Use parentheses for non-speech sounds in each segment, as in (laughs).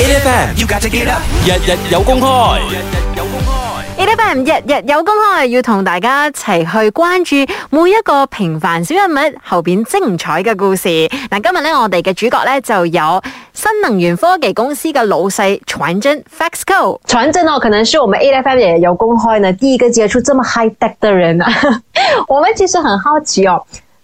A. F. M. 要架隻機啦，日日有公開，日日有公開。A. F. M. 日日有公開，要同大家一齊去關注每一個平凡小人物後邊精彩的故事。嗱，今日呢我們的主角呢就有新能源科技公司的老細傳真 Fax Ko。傳真，真哦，可能是我們 A. F. M. 嘅有公開呢第一個接觸這麼 high tech 的人啊。 (laughs) 我們其實很好奇哦。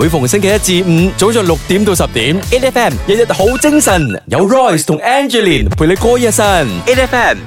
每逢星期一至五，早上六點到十點，F M 日日好精神，有 Royce 同 Angelina 陪你過一晨，F M。